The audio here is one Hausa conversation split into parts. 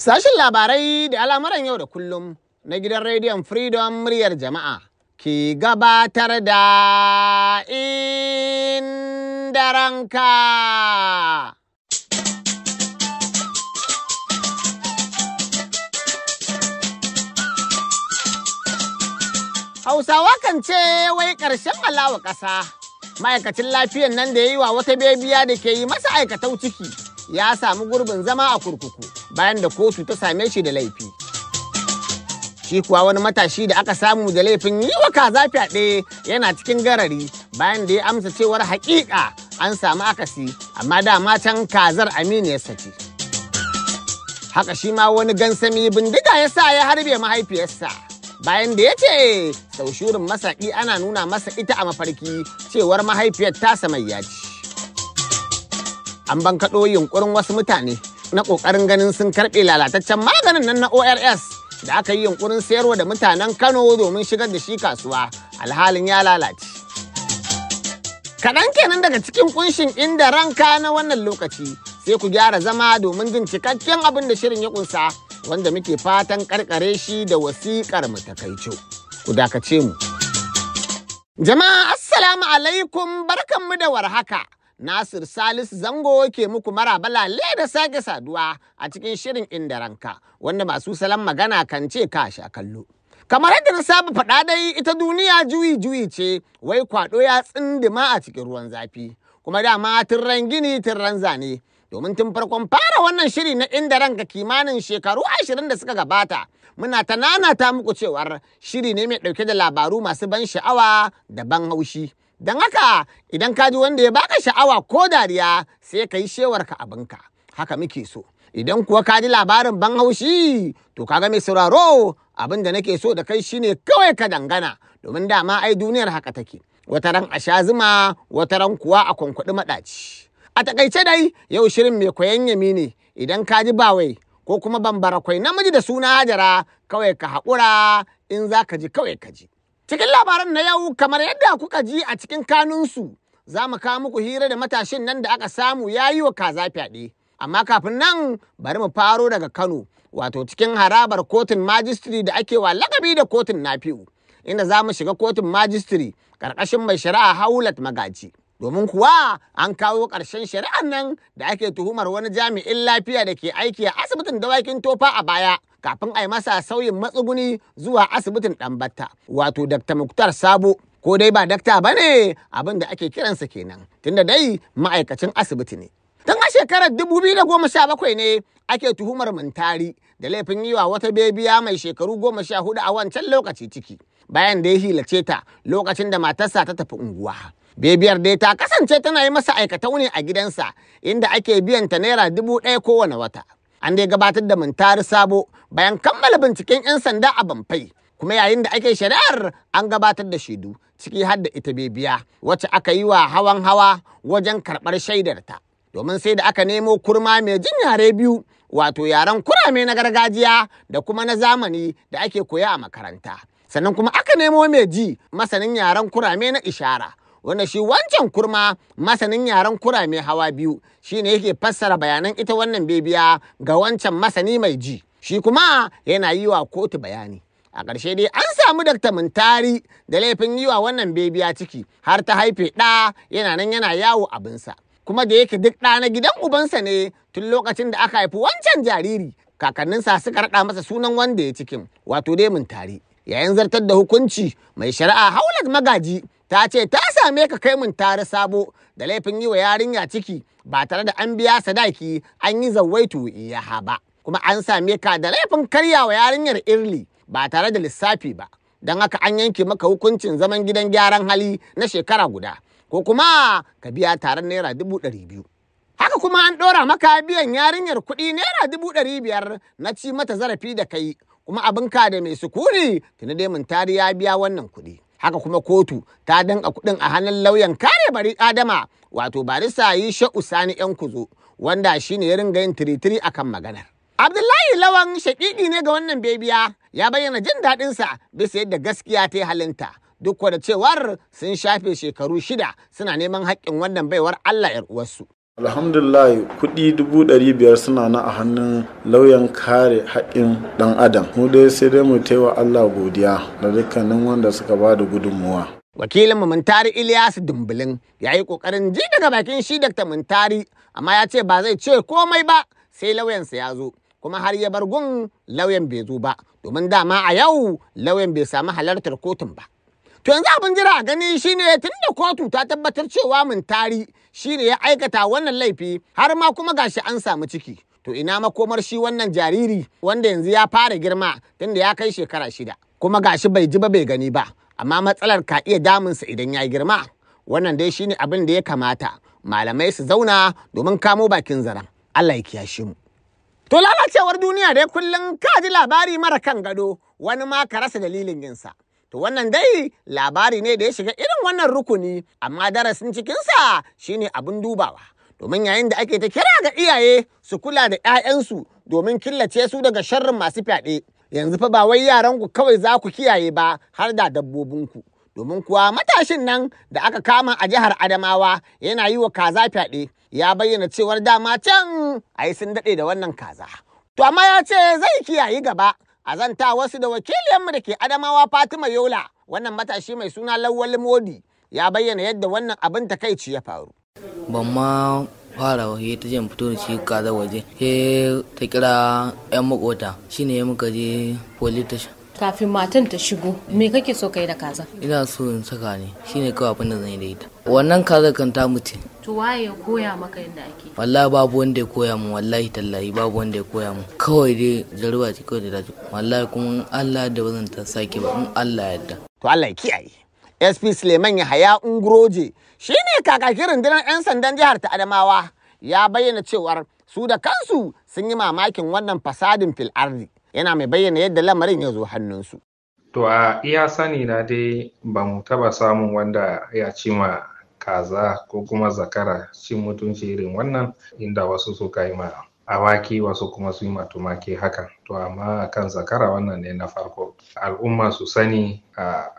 Sashen labarai da al'amuran yau da kullum na gidan rediyon Freedom muryar jama'a ke gabatar da inda Hausawa kan ce wai ƙarshen alawa ƙasa, ma'aikacin lafiyan nan da ya yi wa wata bebiya da ke yi masa aikatau ciki. ya samu gurbin zama a kurkuku bayan da kotu ta same shi da laifi. Shi kuwa wani matashi da aka samu da laifin yi wa kaza fyaɗe yana cikin garari bayan da ya amsa cewar haƙiƙa an samu akasi amma dama can kazar aminu ya saki. Haka shi ma wani gansami bindiga ya sa ya harbe mahaifiyarsa. bayan da ya ce sau shurin masaƙi ana nuna masa ita a mafarki cewar mahaifiyar tasa mai an bankaɗo yunkurin wasu mutane na ƙoƙarin ganin sun karɓe lalataccen maganin nan na ORS da aka yi yunƙurin sayarwa da mutanen Kano domin shigar da shi kasuwa alhalin ya lalace. Kaɗan kenan daga cikin kunshin inda ranka na wannan lokaci sai ku gyara zama domin jin cikakken abin da shirin ya kunsa wanda muke fatan karkare shi da wasiƙar mu takaico. Ku dakace mu. Jama'a assalamu alaikum barkanmu da warhaka. Nasir Salisu Zango ke muku maraba lalle da sake saduwa a cikin shirin inda ranka wanda masu salon magana kan ce ka sha kallo. Kamar yadda na saba faɗa dai ita duniya juyi juyi ce wai kwaɗo ya tsindima a cikin ruwan zafi kuma dama tirren gini tirren zane domin tun farkon fara wannan shiri na inda ranka kimanin shekaru ashirin da suka gabata muna ta nanata muku cewar shiri ne mai ɗauke da labaru masu ban sha'awa da ban haushi. Don haka idan ka ji wanda ya baka sha'awa ko dariya sai ka yi ka abinka. Haka muke so. Idan kuwa ka ji labarin ban haushi to ka ga mai sauraro abin da nake so da kai shine kawai ka dangana domin dama ai duniyar haka take. ran a sha zuma, wataran kuwa a kwankwaɗi maɗaci. A taƙaice dai yau shirin mai koyan yami ne idan ka ji bawai ko kuma bambara kwai namiji da suna Hajara kawai ka haƙura in za ka ji kawai ka ji. Cikin labaran na yau kamar yadda kuka ji a cikin kanunsu za mu kawo muku hira da matashin nan da aka samu ya yi wa kaza fyaɗe. Amma kafin nan bari mu faro daga Kano wato cikin harabar kotun majistiri da ake wa lakabi da kotun nafi'u inda za mu shiga kotun majistiri ƙarƙashin mai shari'a Haulat Magaji. domin kuwa an kawo ƙarshen shari'ar nan da ake tuhumar wani jami'in lafiya da ke aiki a asibitin dawakin tofa a baya kafin a yi masa sauyin matsuguni zuwa asibitin ɗanbatta wato dakta Muktar Sabo ko dai ba dakta ba ne abin da ake kiransa kenan tunda dai ma'aikacin asibiti ne. Tun a shekarar dubu biyu da goma sha bakwai ne ake tuhumar mintari da laifin yi wa wata bebiya mai shekaru goma sha hudu a wancan lokaci ciki bayan da ya hilace ta lokacin da matarsa ta tafi unguwa. Bebiyar dai ta kasance tana yi masa aikatau ne a gidansa inda ake biyan ta naira dubu ɗaya kowane wata. An dai gabatar da mintari sabo bayan kammala binciken 'yan sanda a Bamfai. Kuma yayin da ake shari'ar an gabatar da shaidu ciki har da ita bebiya wacce aka yi wa hawan hawa wajen karɓar shaidarta. Domin sai da aka nemo kurma mai jin yare biyu wato yaren kurame na gargajiya da kuma na zamani da ake koya a makaranta. Sannan kuma aka nemo mai ji masanin yaren kurame na ishara. wanda shi wancan kurma masanin yaren kurame hawa biyu shine yake fassara bayanan ita wannan bibiya ga wancan masani mai ji shi kuma yana yi wa kotu bayani a ƙarshe dai an samu dakta mintari da laifin yi wa wannan bebiya ciki har ta haife ɗa yana nan yana yawo abinsa kuma da yake duk ɗa na gidan ubansa ne tun lokacin da aka haifi wancan jariri kakanninsa suka raɗa masa sunan wanda ya cikin wato dai mintari yayin zartar da hukunci mai shari'a haulat magaji ta ce ta same ka kai mintari sabo da laifin yi wa yarinya ciki ba tare da an biya sadaki an yi zawaitu iyaha ba kuma an same ka da laifin karya wa yarinyar irli ba tare da lissafi ba don haka an yanke maka hukuncin zaman gidan gyaran hali na shekara guda ko kuma ka biya taron naira dubu ɗari biyu haka kuma an ɗora maka biyan yarinyar kuɗi naira dubu ɗari biyar na ci mata zarafi da kai kuma abin ka da mai sukuri tuni dai tari ya biya wannan kuɗi haka kuma kotu ta danka kuɗin a hannun lauyan kare bari adama wato barisa yi sha'u sani yan kuzo wanda shi ne ya ringa yin tiritiri akan maganar Abdullahi Lawan shaƙiƙi ne ga wannan bebiya ya bayyana jin daɗinsa bisa yadda gaskiya ta yi halinta. Duk da cewar sun shafe shekaru shida suna neman haƙƙin wannan baiwar Allah ‘yar uwarsu. alhamdulillah kuɗi dubu ɗari biyar suna na a hannun lauyan kare haƙƙin ɗan adam mu dai sai dai mu taiwa allah godiya da dukkanin wanda suka ba da gudunmuwa wakilin mu muntari ilyas dumbulin ya yi ƙoƙarin ji daga bakin shi dr muntari amma ya ce ba zai ce komai ba sai lauyansa ya zo kuma har ya bar gun lauyan bai zo ba domin dama a yau lauyan bai samu halartar kotun ba to yanzu abin jira gani shine tun da kotu ta tabbatar cewa mun tari shine ya aikata wannan laifi har ma kuma gashi an samu ciki to ina makomar shi wannan jariri wanda yanzu ya fara girma tunda ya kai shekara shida kuma gashi bai ji ba bai gani ba amma matsalar ka iya damunsa idan ya girma wannan dai shine abin da ya kamata malamai su zauna domin kamo bakin zaren Allah ya kiyashe mu To lalacewar duniya dai kullum ka ji labari mara kan gado wani ma ka rasa dalilin yinsa. To wannan dai labari ne da ya shiga irin wannan rukuni amma darasin cikinsa shine abin dubawa. Domin yayin da ake ta kira ga iyaye su kula da 'ya'yansu domin killace su daga sharrin masu fyaɗe. Yanzu fa ba wai yaranku kawai za ku kiyaye ba har da dabbobinku. Domin kuwa matashin nan da aka kama a jihar Adamawa yana yi wa kaza fyaɗe. ya bayyana cewar dama can ai sun daɗe da wannan kaza. To amma ya ce zai kiyaye gaba a zanta wasu da wakiliyanmu da ke Adamawa Fatima Yola wannan matashi mai suna Lawal Modi ya bayyana yadda wannan abin takaici ya faru. Ban ma fara wahi ta jan fito da shi kaza waje he ta kira yan makota shine ya muka je police kafin matan ta shigo me kake so kai da kaza ina so in saka ne shine kawai abin da zan yi da ita wannan kaza kan ta mutu to waye ya koya maka yadda ake wallahi babu wanda ya koya mu wallahi tallahi babu wanda ya koya mu kawai dai jaruba ce kawai da dace wallahi kuma in Allah da bazan ta sake ba in Allah ya yadda to Allah ya kiyaye SP Suleiman haya Ungroje shine kakakin rundunar 'yan sandan jihar ta Adamawa ya bayyana cewar su da kansu sun yi mamakin wannan fasadin fil ardi yana mai bayyana yadda lamarin ya zo hannunsu. To a iya sani na dai ba mu taba samun wanda ya ci ma kaza ko kuma zakara cin mutunci irin wannan inda wasu suka yi ma awaki wasu kuma su yi ma tumaki haka to amma kan zakara wannan ne na farko al'umma su sani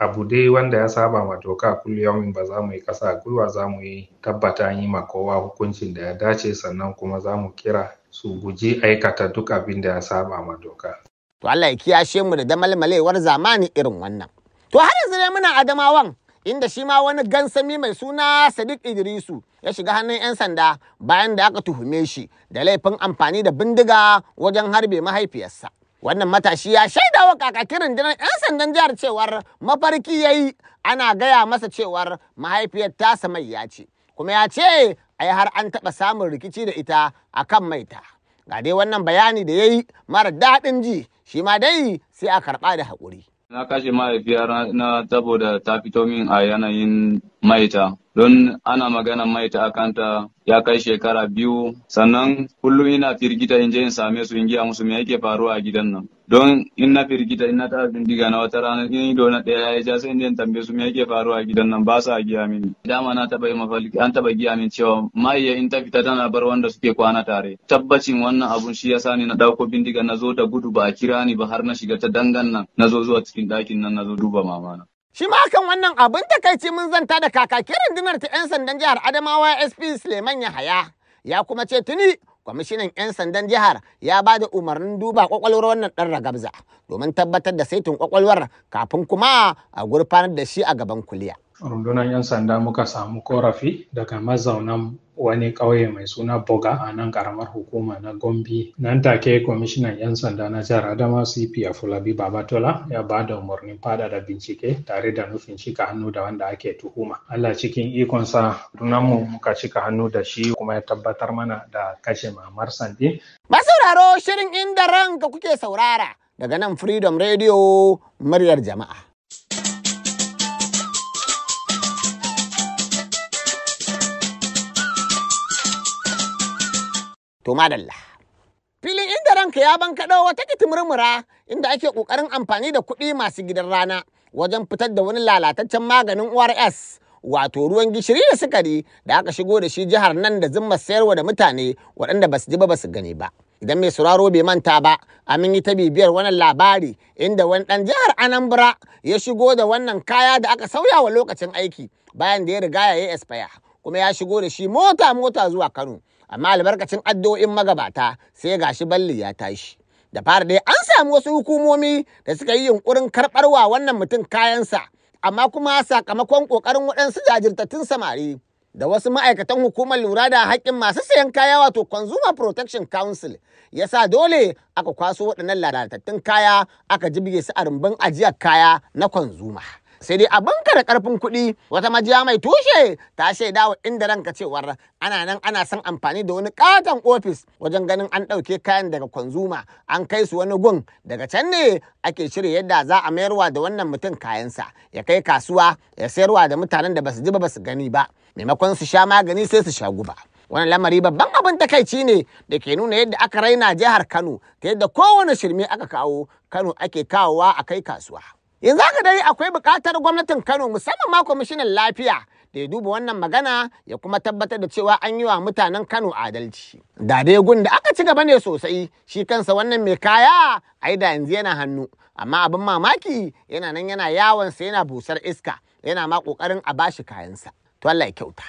abu dai wanda ya saba ma doka kulliyomin ba za mu yi ƙasa gwiwa za mu yi tabbata yi ma kowa hukuncin da ya dace sannan kuma za mu kira su guji aikata duk abin da ya saba ma doka. To Allah ya kiyashe mu da damalmalewar zamani irin wannan. To har yanzu ne muna Adamawan inda shi ma wani gansami mai suna Sadiq Idrisu ya shiga hannun 'yan sanda bayan da aka tuhume shi da laifin amfani da bindiga wajen harbe mahaifiyarsa. Wannan matashi ya shaida wa kakaki rundunar 'yan sandan jihar cewar mafarki ya yi ana gaya masa cewar mahaifiyar tasa mai ya ce, kuma ya ce ai har an taɓa samun rikici da ita a kan maita. Ga dai wannan bayani da ya yi mara daɗin ji, shi ma dai sai a karɓa da haƙuri. Na kashe mahaifiya na saboda ta fito min a yanayin maita. don ana magana mai ta akanta ya kai shekara biyu sannan kullum ina firgita in je in same su in giya musu me yake faruwa a gidan nan don in na firgita in na ta bindiga na wata rana in ido na ɗaya ya ja sai in tambaye su me yake faruwa a gidan nan ba sa giya mini dama na taba yi mafalki an taba giya min cewa maiya in ta fita tana bar wanda suke kwana tare tabbacin wannan abun shi yasa ni na dauko bindiga na zo da gudu ba a kira ni ba har na shiga ta dangan nan na zo zuwa cikin ɗakin nan na zo duba mamana shi ma kan wannan abin takaici mun zanta da kakakin rundunar ta 'yan sandan jihar adamawa sp suleiman yahaya ya kuma ce tuni kwamishinan 'yan sandan jihar ya ba da umarnin duba kwakwalwar wannan ɗan ragabza domin tabbatar da saitin kwakwalwar kafin kuma a gurfanar da shi a gaban kuliya. rundunar 'yan sanda muka samu korafi daga mazaunan wani ƙauye mai suna boga a nan karamar hukuma na gombe nan take kwamishinan 'yan sanda na jihar adama cp Fulabi babatola ya ba da umarnin fada da bincike tare da nufin cika hannu da wanda ake tuhuma allah cikin ikonsa mu muka cika hannu da shi kuma ya tabbatar mana da kashe mamar sandi masu shirin inda ranka kuke saurara daga nan freedom radio muryar jama'a To madalla. Filin inda ranka ya ban kaɗo wata murmura inda ake ƙoƙarin amfani da kuɗi masu gidan rana wajen fitar da wani lalataccen maganin ORS wato ruwan gishiri da sukari da aka shigo da shi jihar nan da zimmar sayarwa da mutane waɗanda ba su ji ba ba su gani ba. Idan mai sauraro bai manta ba, amin yi ta bibiyar wannan labari inda wani ɗan jihar Anambra ya shigo da wannan kaya da aka sauya wa lokacin aiki bayan da ya riga ya yi espaya kuma ya shigo da shi mota mota zuwa Kano. amma albarkacin addu'o'in magabata sai gashi balli ya tashi da fara dai an samu wasu hukumomi da suka yi yunkurin karɓarwa wannan mutum kayansa amma kuma sakamakon ƙoƙarin waɗansu jajirtattun samari da wasu ma'aikatan hukumar lura da haƙƙin masu sayan kaya wato consumer protection council ya sa dole aka kwaso waɗannan lalatattun kaya aka jibge su a rumbun ajiyar kaya na consumer. sai dai abin ka da karfin kuɗi wata majiya mai tushe ta shaida wa inda ranka cewar ana nan ana son amfani da wani katon ofis wajen ganin an ɗauke kayan daga kwanzuma an kai su wani gun daga can ne ake shirya yadda za a mayarwa da wannan mutum kayansa ya kai kasuwa ya sayarwa da mutanen da basu ji ba basu gani ba maimakon su sha magani sai su sha guba. wani lamari babban abin takaici ne da ke nuna yadda aka raina jihar kano ta yadda kowane shirme aka kawo kano ake kawowa a kai kasuwa Yanzu haka dai akwai bukatar gwamnatin Kano musamman ma kwamishinan lafiya da ya duba wannan magana ya kuma tabbatar da cewa an yi wa mutanen Kano adalci. Da dai gun da aka ci gaba ne sosai shi kansa wannan mai kaya ai da yanzu yana hannu amma abin mamaki yana nan yana yawonsa yana busar iska yana ma kokarin a bashi kayansa. To kyauta.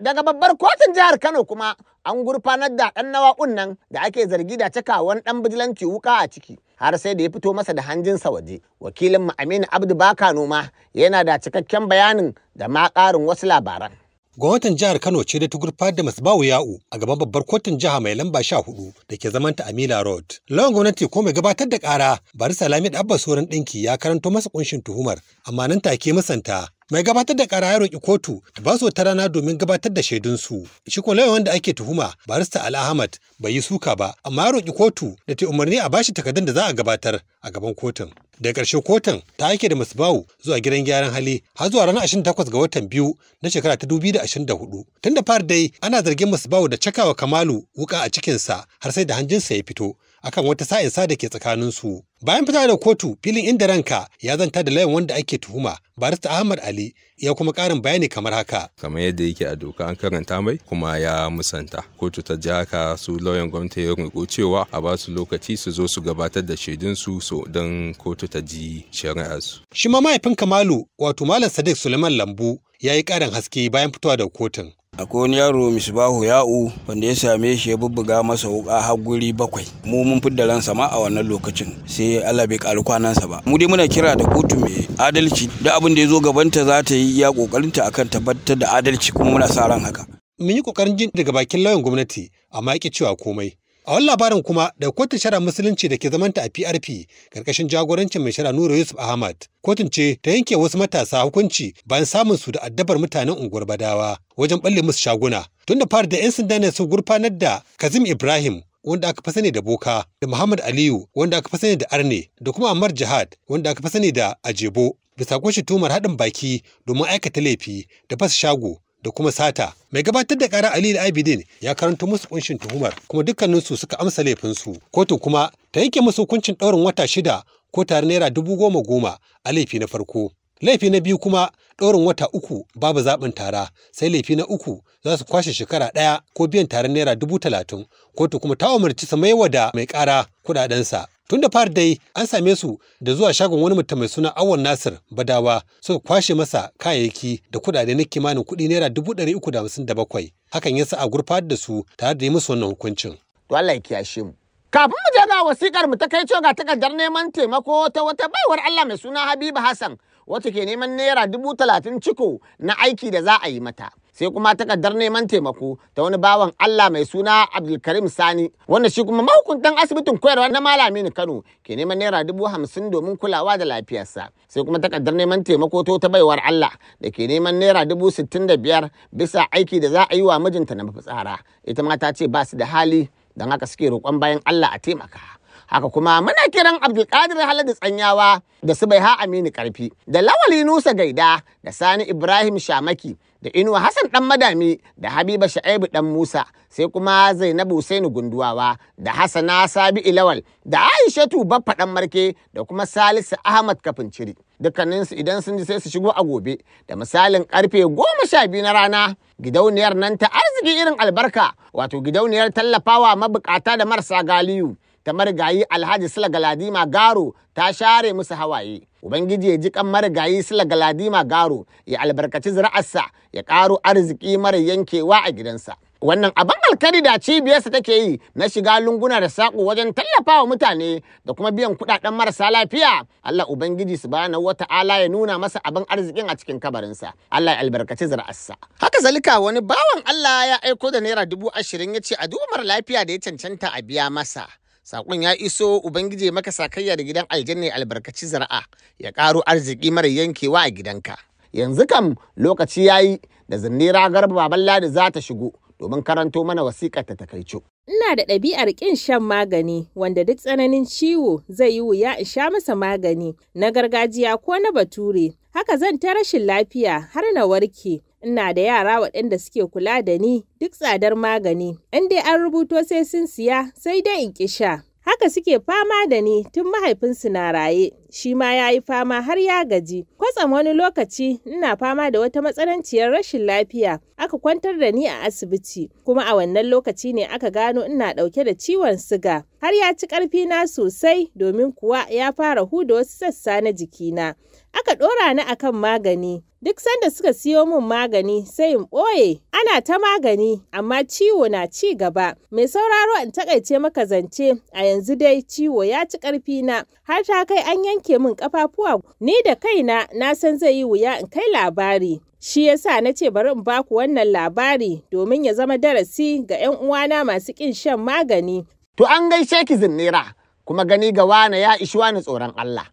Daga babbar kotun jihar Kano kuma an gurfanar da ɗan nawaƙun nan da ake zargi da wani ɗan bijilanci wuka a ciki har sai da ya fito masa da hanjinsa waje wakilin mu aminu abdu baka noma yana da cikakken bayanin da ma ƙarin wasu labaran gwamnatin jihar kano ce da ta gurfanar da bawu ya'u a gaban babbar kotun jiha mai lamba sha hudu da ke zaman ta amila road lawan gwamnati ko mai gabatar da ƙara bari salami da abba sauran ɗinki ya karanto masa kunshin tuhumar amma nan take musanta mai gabatar da kara ya roƙi kotu ta ba su wata rana domin gabatar da shaidunsu shi kuma wanda ake tuhuma barista al ahmad bai yi suka ba amma ya roƙi kotu da ta umarni a bashi takardun da za a gabatar a gaban kotun da ƙarshe kotun ta aike da masu bawu zuwa gidan gyaran hali har zuwa ranar 28 ga watan biyu na shekara ta 2024 tun da fari dai ana zargin masu bawu da cakawa kamalu wuka a cikinsa har sai da hanjinsa ya fito akan wata sa'in sa da ke tsakanin su Bayan fita da kotu filin inda ranka ya zanta da layin wanda ake tuhuma barista Ahmad Ali ya kuma karin bayani kamar haka. Kamar yadda yake a doka an karanta mai kuma ya musanta. Kotu ta ji haka su lauyan gwamnati ya riko cewa a ba su lokaci su zo su gabatar da su so don kotu ta ji shari'arsu. Shi ma mahaifin Kamalu wato Malam Sadiq Suleiman Lambu ya yi karin haske bayan fitowa da kotun. akwai wani yaro misbahu ya'u wanda ya same shi ya bubbuga masa wuka har guri bakwai mu mun fidda ran sama a wannan lokacin sai Allah bai karu kwanansa ba mu dai muna kira da kotu mai adalci da abin da ya zo gabanta za ta yi ya kokarinta akan tabbatar da adalci kuma muna sa ran haka mun yi kokarin jin daga bakin lauyan gwamnati amma yake cewa komai A wani labarin kuma da kotun shara musulunci da ke zamanta a PRP karkashin jagorancin mai shara Nura Yusuf Ahmad. Kotun ce ta yanke wasu matasa hukunci bayan samun su da addabar mutanen unguwar Badawa wajen balle musu shaguna. Tun da fara da 'yan sanda ne su gurfanar da Kazim Ibrahim wanda aka fi sani da Boka da Muhammad Aliyu wanda aka fi sani da Arne da kuma Ammar Jihad wanda aka fi sani da Ajebo. Bisa kushe tumar haɗin baki domin aikata laifi da fasa shago da kuma sata. Mai gabatar da ƙara Aliyu Abidin ya karanta musu kunshin tuhumar kuma dukkaninsu suka amsa laifinsu. Kotu kuma ta yanke musu hukuncin ɗaurin wata shida ko tare naira dubu goma goma a laifi na farko. Laifi na biyu kuma ɗaurin wata uku babu zaɓin tara sai laifi na uku za su kwashe shekara ɗaya ko biyan tarin naira dubu talatin kotu kuma ta umarci su maiwa da mai ƙara kuɗaɗensa. Tun da fari dai an same su da zuwa shagon wani mutum mai suna Awon Nasir Badawa suka kwashe masa kayayyaki da kuɗaɗe na kimanin kuɗi naira dubu ɗari uku da hamsin da bakwai. Hakan ya sa a gurfanar da su tare da yi musu wannan hukuncin. To Allah ya kiyashe mu. Kafin mu je ga wasikar mu ta kai ga takardar neman taimako ta wata baiwar Allah mai suna Habiba Hassan wata ke neman naira dubu talatin ciko na aiki da za a yi mata. sai kuma takardar neman taimako ta wani bawan Allah mai suna Abdulkarim Sani wanda shi kuma mahukuntan asibitin koyarwa na Malami Kano ke neman naira dubu hamsin domin kulawa da lafiyarsa sai kuma takardar neman taimako to ta baiwar Allah da ke neman naira dubu sittin da biyar bisa aiki da za a yi wa mijinta na mafitsara ita ma ta ce ba su da hali don haka suke roƙon bayan Allah a taimaka. haka kuma muna kiran abdulkadir haladu tsanyawa da su bai ha aminu karfi da lawali nusa gaida da sani ibrahim shamaki da inuwa hassan dan madami da habiba sha'ibu dan musa sai kuma zainabu Saini gunduwawa da hassana sabi ilawal da Aisha baffa dan marke da kuma salisu ahmad kafin ciri dukkaninsu idan sun ji sai su shigo a gobe da misalin karfe goma sha biyu na rana gidauniyar nan ta arziki irin albarka wato gidauniyar tallafawa mabukata da marasa galiyu ta marigayi Alhaji sila Galadima Garo ta share musu hawaye. Ubangiji ya ji kan marigayi sila Galadima Garo ya albarkaci zira'arsa ya karo arziki mara yankewa a gidansa. Wannan abin alkari da cibiyarsa take yi na shiga lunguna da saƙo wajen tallafa wa mutane da kuma biyan kuɗaɗen marasa lafiya. Allah Ubangiji su wata ala ya nuna masa abin arzikin a cikin kabarinsa. Allah ya albarkaci zira'arsa. Haka zalika wani bawan Allah ya aiko da naira dubu ashirin ya ce a duba mara lafiya da ya cancanta a biya masa. Saƙon ya iso Ubangiji maka sakayya da gidan aljanna albarkaci zara'a ya ƙaro arziki mara yankewa a gidanka. Yanzu kam lokaci ya yi da zinnira garba Ladi za ta shigo domin karanto mana wasiƙar ta takaico. Ina da ɗabi'ar ƙin shan magani wanda duk tsananin ciwo zai yi wuya in sha masa magani na gargajiya ko na bature. Haka zan ta rashin lafiya har na warke. Ina da yara waɗanda suke kula da ni duk tsadar magani, in dai an rubuto sai sun siya sai dai in kisha Haka suke fama da ni tun mahaifinsu na raye. shi ma ya yi fama har ya gaji. Kwatsam wani lokaci ina fama da wata matsananciyar rashin lafiya aka kwantar da ni a asibiti kuma a wannan lokaci ne aka gano ina ɗauke da ciwon siga. Har ya ci na sosai domin kuwa ya fara huda wasu sassa na jikina. Aka ɗora ni akan magani duk sanda suka siyo min magani sai in ɓoye ana ta magani amma ciwo na ci gaba mai sauraro in takaice maka zance a yanzu dai ciwo ya ci ƙarfi na har ta kai an yanke yanke min kafafuwa ni da kaina na san zai yi wuya in kai labari. Shi yasa na ce bari in baku wannan labari domin ya zama darasi ga 'yan uwana masu kin shan magani. To an gaishe ki zinnera kuma gani ga wane ya ishi wani tsoron Allah.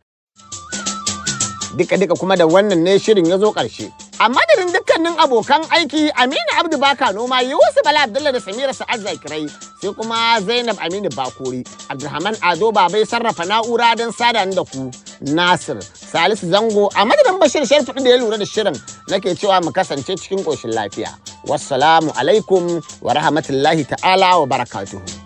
Duka-duka kuma da wannan ne shirin ya zo ƙarshe. A madadin dukkanin abokan aiki Aminu Abdu Baka Noma Yusuf Bala Abdullahi da Samira Sa'ad Zakirai sai kuma Zainab Aminu Bakuri, Abdulrahman Ado Babai sarrafa na'ura don sada da ku Nasir Salisu Zango a madadin Bashir Sharfudu da ya lura da shirin nake cewa mu kasance cikin koshin lafiya. Wassalamu alaikum wa rahmatullahi ta'ala wa barakatuhu.